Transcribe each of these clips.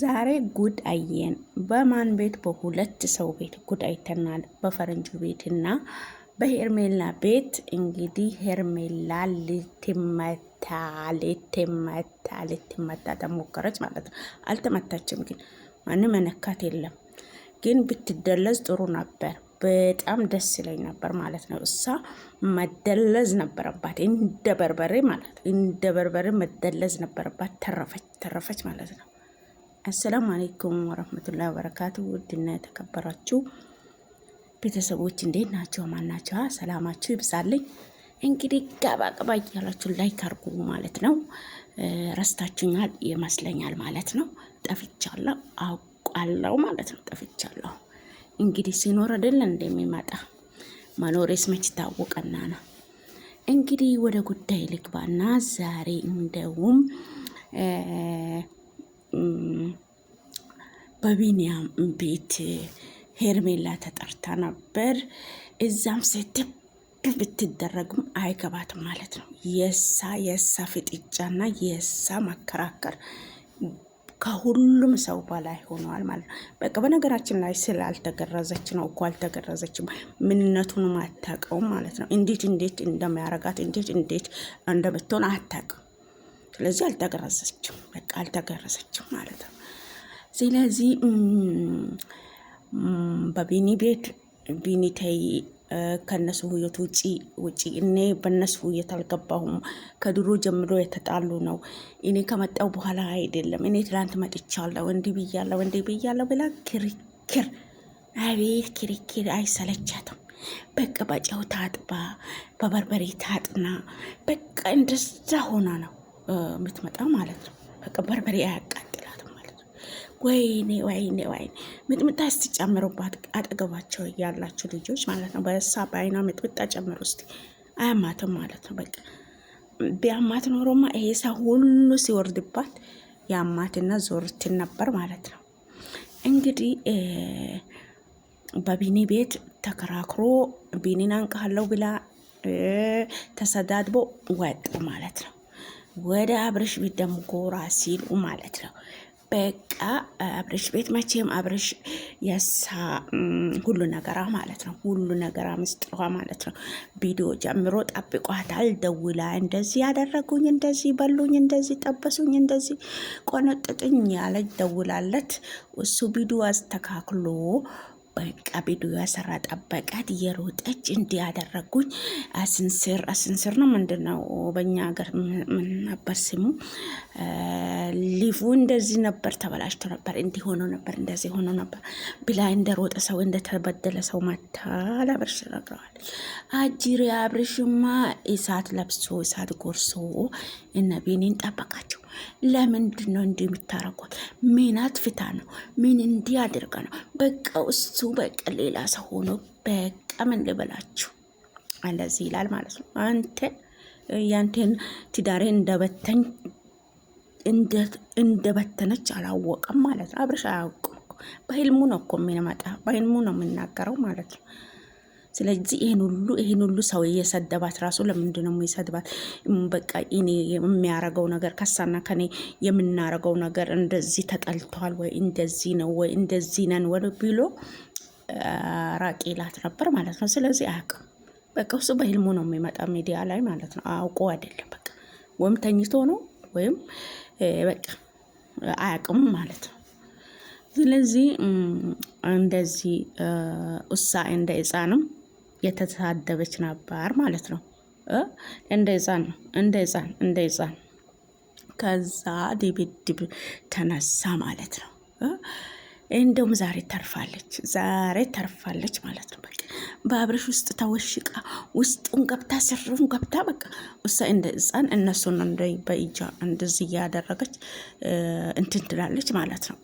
ዛሬ ጉድ አየን። በማን ቤት? በሁለት ሰው ቤት ጉድ አይተናል። በፈረንጁ ቤት እና በሄርሜላ ቤት እንግዲህ ሄርሜላ ልትመታ ልትመታ ልትመታ ተሞከረች ማለት ነው። አልተመታችም፣ ግን ማንም መነካት የለም። ግን ብትደለዝ ጥሩ ነበር። በጣም ደስ ይለኝ ነበር ማለት ነው። እሷ መደለዝ ነበረባት እንደ በርበሬ ማለት እንደ በርበሬ መደለዝ ነበረባት። ተረፈች ተረፈች ማለት ነው። አሰላሙ አሌይኩም ወረህመቱላሂ ወበረካቱ። ውድና የተከበራችሁ ቤተሰቦች እንዴት ናቸው? ማናቸው? ሰላማችሁ ይብዛልኝ። እንግዲህ ገባ ገባ እያላችሁ ላይክ አድርጉ ማለት ነው። ረስታችሁኛል ይመስለኛል ማለት ነው። ጠፍቻለሁ አውቃለሁ ማለት ነው። ጠፍቻለሁ እንግዲህ ሲኖር አይደል እንደሚመጣ መኖሬስ መች ታወቀና ነው። እንግዲህ ወደ ጉዳይ ልግባና ዛሬ እንደውም በቢንያም ቤት ሄርሜላ ተጠርታ ነበር። እዛም ሴትም ብትደረግም አይገባትም ማለት ነው። የሳ የሳ ፍጥጫና የሳ መከራከር ከሁሉም ሰው በላይ ሆነዋል ማለት ነው። በቃ በነገራችን ላይ ስላልተገረዘች ነው እኮ አልተገረዘችም። ምንነቱንም አታውቀውም ማለት ነው። እንዴት እንዴት እንደሚያረጋት እንዴት እንዴት እንደምትሆን አታውቅም። ስለዚህ አልተገረዘችም፣ በቃ አልተገረዘችም ማለት ነው። ስለዚህ በቢኒ ቤት ቢኒ ተይ ከነሱ ውየት ውጪ ውጪ። እኔ በነሱ ውየት አልገባሁም። ከድሮ ጀምሮ የተጣሉ ነው። እኔ ከመጣው በኋላ አይደለም። እኔ ትላንት መጥቻለሁ፣ እንዲህ ብያለሁ፣ እንዲህ ብያለሁ ብላ ክርክር፣ አቤት ክርክር አይሰለቻትም። በቃ በጨው ታጥባ በበርበሬ ታጥና በቃ እንደዛ ሆና ነው የምትመጣ ማለት ነው። በቃ በርበሬ አያቃጥላትም ማለት ነው። ወይኔ ወይኔ ወይኔ ሚጥሚጣ ስትጨምሩባት አጠገባቸው ያላችሁ ልጆች ማለት ነው። በሳ በአይና ምጥምጣ ጨምሩ እስቲ አያማትም ማለት ነው። በቃ ቢያማት ኖሮማ ይሄ ሰው ሁሉ ሲወርድባት ያማትና ዞርትን ነበር ማለት ነው። እንግዲህ በቢኒ ቤት ተከራክሮ ቢኒን አንቃለው ብላ ተሰዳድቦ ወጡ ማለት ነው። ወደ አብረሽ ቤት ደግሞ ጎራ ሲሉ ማለት ነው። በቃ አብረሽ ቤት መቼም አብረሽ የሳ ሁሉ ነገራ ማለት ነው። ሁሉ ነገራ ምስጥሯ ማለት ነው። ቪዲዮ ጀምሮ ጠብቋታል። ደውላ እንደዚህ ያደረጉኝ፣ እንደዚህ በሉኝ፣ እንደዚህ ጠበሱኝ፣ እንደዚህ ቆነጥጥኝ ያለች ደውላለት። እሱ ቪዲዮ አስተካክሎ በቃ ቪዲዮ ያሰራ ጠበቃት እየሮጠች እንዲያደረጉኝ አስንስር አስንስር ነው ምንድን ነው በእኛ ሀገር ምን ነበር ስሙ? ሊፉ እንደዚህ ነበር፣ ተበላሽቶ ነበር፣ እንዲህ ሆኖ ነበር፣ እንደዚህ ሆኖ ነበር ብላ እንደሮጠ ሰው እንደተበደለ ሰው ማታ ለአብርሽ ነግረዋል። አጅሪ አብርሽማ እሳት ለብሶ እሳት ጎርሶ እነ ቢኒን ጠበቃቸው። ለምንድን ነው እንዲህ የምታረጓት? ምን አጥፍታ ነው? ምን እንዲህ አድርገ ነው? በቃ እሱ በቃ ሌላ ሰው ሆኖ በቃ ምን ልበላችሁ አለዚህ ይላል ማለት ነው። አንተ ያንተን ትዳሬን እንደበተኝ እንደበተነች አላወቀም ማለት ነው። አብርሽ አያውቅም። በህልሙ ነው እኮ የሚመጣ በህልሙ ነው የምናገረው ማለት ነው። ስለዚህ ይሄን ሁሉ ይሄን ሁሉ ሰው እየሰደባት ራሱ ለምንድን ነው የሰደባት? በቃ እኔ የሚያረገው ነገር ከሳና ከኔ የምናረገው ነገር እንደዚህ ተጠልቷል ወይ እንደዚህ ነው ወይ እንደዚህ ነን ወይ ቢሎ ራቂ ላት ነበር ማለት ነው። ስለዚህ አያውቅም። በቃ እሱ በህልሙ ነው የሚመጣ ሚዲያ ላይ ማለት ነው። አውቆ አይደለም። በቃ ወይም ተኝቶ ነው ወይም በቃ አያውቅም ማለት ነው። ስለዚህ እንደዚህ እሳ እንደ ህፃንም የተሳደበች ነበር ማለት ነው። እንደ ህፃን ነው፣ እንደ ህፃን እንደ ህፃን። ከዛ ድብድብ ተነሳ ማለት ነው። እንደውም ዛሬ ተርፋለች፣ ዛሬ ተርፋለች ማለት ነው። በቃ በአብረሽ ውስጥ ተወሽቃ ውስጡን ገብታ ስሩን ገብታ በቃ ውሳ እንደ ህፃን እነሱን እንደ በእጃ እንደዚህ እያደረገች እንትን ትላለች ማለት ነው።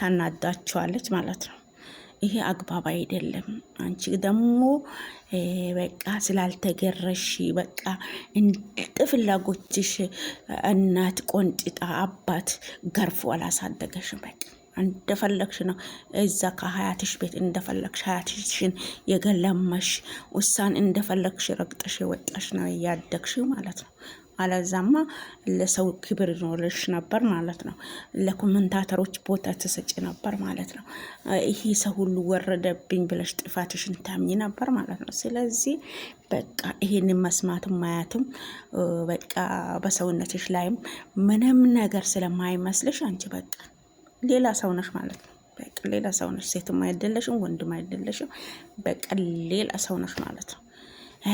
ታናዳቸዋለች ማለት ነው። ይሄ አግባብ አይደለም። አንቺ ደግሞ በቃ ስላልተገረሽ በቃ እንደ ፍላጎትሽ እናት ቆንጥጣ አባት ገርፎ አላሳደገሽም። በቃ እንደፈለግሽ ነው። እዛ ከሀያትሽ ቤት እንደፈለግሽ ሀያትሽን የገለመሽ ውሳን እንደፈለግሽ ረግጠሽ የወጣሽ ነው እያደግሽ ማለት ነው። አለዛማ ለሰው ክብር ይኖርሽ ነበር ማለት ነው። ለኮመንታተሮች ቦታ ተሰጭ ነበር ማለት ነው። ይሄ ሰው ሁሉ ወረደብኝ ብለሽ ጥፋትሽን ታምኝ ነበር ማለት ነው። ስለዚህ በቃ ይሄንን መስማትም ማያትም በቃ በሰውነትሽ ላይም ምንም ነገር ስለማይመስልሽ አንቺ በቃ ሌላ ሰው ነሽ ማለት ነው። በቃ ሌላ ሰው ነሽ። ሴትም አይደለሽም፣ ወንድም አይደለሽም። በቃ ሌላ ሰው ነሽ ማለት ነው።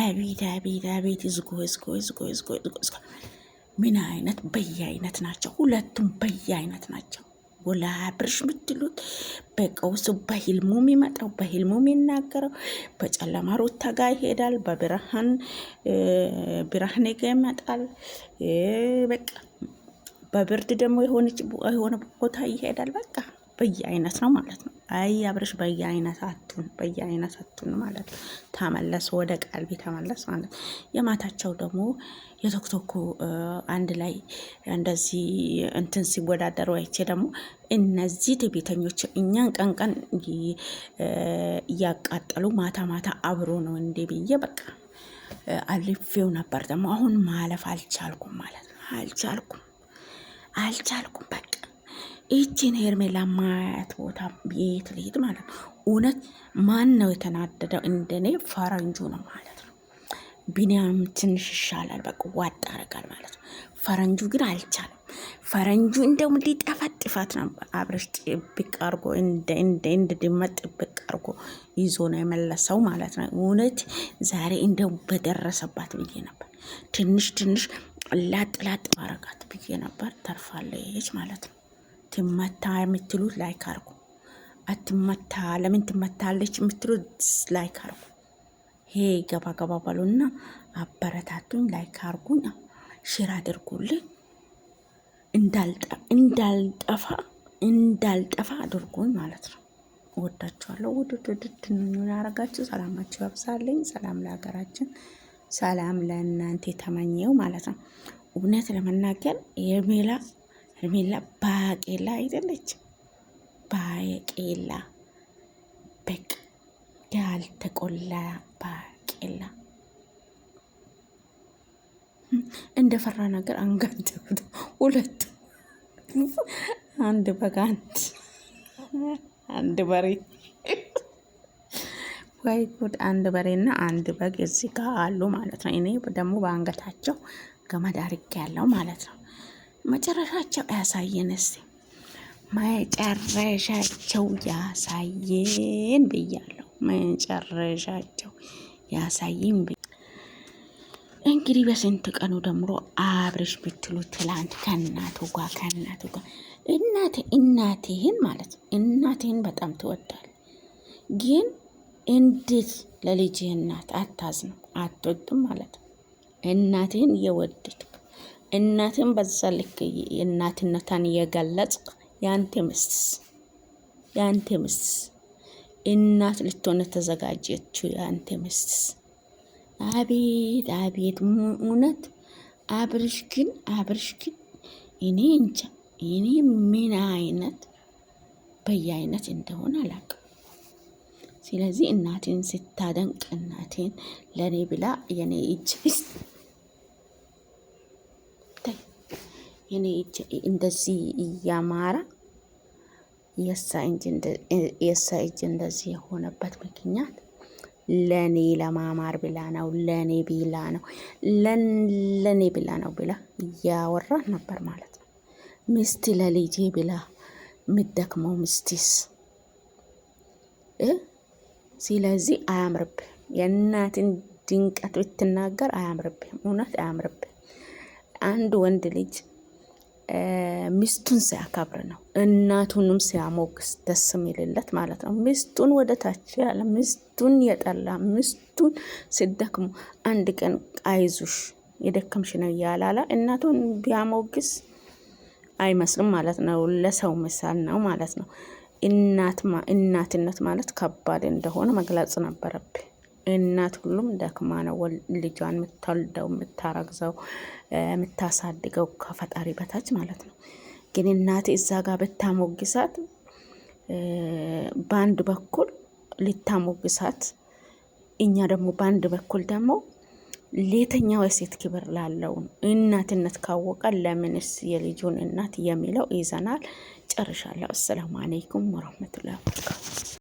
አቤት አቤት አቤት እዝጎ እዝጎ እዝጎ ዝጎ ዝጎ ምን አይነት በየአይነት ናቸው። ሁለቱም በየአይነት ናቸው። ወላ ብርሽ ምትሉት በቀውሱ በህልሙ የሚመጣው በህልሙ የሚናገረው በጨለማ ሩታ ጋ ይሄዳል። በብርሃን ብርሃን ጋ ይመጣል። በቃ በብርድ ደግሞ የሆነ ቦታ ይሄዳል። በቃ በየአይነት ነው ማለት ነው። አይ አብረሽ በየአይነት አቱን በየአይነት አቱን ማለት ተመለስ፣ ወደ ቀልቢ ተመለስ ማለት። የማታቸው ደግሞ የቶክቶኩ አንድ ላይ እንደዚህ እንትን ሲወዳደሩ አይቼ ደግሞ እነዚህ ትዕቢተኞች እኛን ቀንቀን ቀን እያቃጠሉ ማታ ማታ አብሮ ነው እንዴ ብዬ በቃ አልፌው ነበር። ደግሞ አሁን ማለፍ አልቻልኩም ማለት ነው። አልቻልኩም አልቻልኩም በቃ ይቺን ሄርሜላ ማያት ቦታ ቤት ልሂድ ማለት ነው። እውነት ማን ነው የተናደደው? እንደኔ ፈረንጁ ነው ማለት ነው። ቢኒያም ትንሽ ይሻላል፣ በቃ ዋጥ አደርጋል ማለት ነው። ፈረንጁ ግን አልቻለም። ፈረንጁ እንደውም ሊጠፈጥፋት ነበር። አብረሽ ጥብቅ አርጎ እንደ ድመት ጥብቅ አርጎ ይዞ ነው የመለሰው ማለት ነው። እውነት ዛሬ እንደው በደረሰባት ብዬ ነበር። ትንሽ ትንሽ ላጥ ላጥ ባረጋት ብዬ ነበር። ተርፋለች ማለት ነው። አትመታ የምትሉት ላይክ አርጉ። አትመታ ለምን ትመታለች የምትሉት ላይክ አርጉ። ሄ ገባ ገባ ባሉና አበረታቱኝ፣ ላይክ አርጉኝ፣ ሽር አድርጉልኝ። እንዳልጠፋ እንዳልጠፋ አድርጉኝ ማለት ነው። ወዳችኋለሁ። ውድድ ውድድ ያረጋችሁ ሰላማችሁ ያብዛልኝ። ሰላም ለሀገራችን፣ ሰላም ለእናንተ የተመኘው ማለት ነው። እውነት ለመናገር የሜላ ሄርሜላ ባቄላ አይደለች፣ ባቄላ በቅ ያልተቆላ ባቄላ። እንደ ነገር አንጋደቡት ሁለት አንድ በግ አንድ አንድ በሬ ወይ ጉድ! አንድ በሬና አንድ በግ እዚህ ጋር አሉ ማለት ነው። እኔ ደግሞ በአንገታቸው ገመድ አርጌ ያለው ማለት ነው። መጨረሻቸው ያሳየን። እስቲ መጨረሻቸው ያሳየን ብያለሁ። መጨረሻቸው ያሳየን። እንግዲህ በስንት ቀኑ ደምሮ አብርሽ ብትሉ ትላንት ከእናቱ ጋር ከእናቱ ጋር እናት እናትህን ማለት ነው እናትህን በጣም ትወዳል ግን እንዴት ለልጅህ እናት አታዝንም? አትወድም ማለት ነው። እናትህን የወደድክ እናትን በዛ ልክ እናትነቷን እየገለጽ የአንተ ምስትስ የአንተ ምስትስ እናት ልትሆነ ተዘጋጀችው። የአንተ ምስትስ አቤት አቤት እውነት አብርሽ ግን አብርሽ ግን እኔ እንጃ እኔ ምን አይነት በየአይነት እንደሆነ አላውቅም። ስለዚህ እናቴን ስታደንቅ እናቴን ለእኔ ብላ የኔ እጅ የኔ እንደዚህ እያማረ የእሷ እጅ እንደዚህ የሆነበት ምክንያት ለኔ ለማማር ብላ ነው፣ ለኔ ብላ ነው፣ ለኔ ብላ ነው ብላ እያወራ ነበር ማለት ነው። ሚስት ለልጄ ብላ የምትደክመው ሚስትስ። ስለዚህ አያምርብ የእናትን ድንቀት ብትናገር አያምርብ እውነት አያምርብህ። አንድ ወንድ ልጅ ሚስቱን ሲያከብር ነው። እናቱንም ሲያሞግስ ደስ የሚልለት ማለት ነው። ሚስቱን ወደ ታች ያለ ሚስቱን የጠላ ሚስቱን ሲደክሙ አንድ ቀን አይዙሽ የደከምሽ ነው እያላለ እናቱን ቢያሞግስ አይመስልም ማለት ነው። ለሰው ምሳል ነው ማለት ነው። እናትማ እናትነት ማለት ከባድ እንደሆነ መግለጽ ነበረብኝ። እናት ሁሉም ደክማ ነው ልጇን የምትወልደው የምታረግዘው የምታሳድገው ከፈጣሪ በታች ማለት ነው። ግን እናት እዛ ጋር ብታሞግሳት በአንድ በኩል ልታሞግሳት፣ እኛ ደግሞ በአንድ በኩል ደግሞ ሌተኛው የሴት ክብር ላለው እናትነት ካወቀ ለምንስ የልጁን እናት የሚለው ይዘናል። ጨርሻለሁ። አሰላሙ አለይኩም ወረህመቱላሂ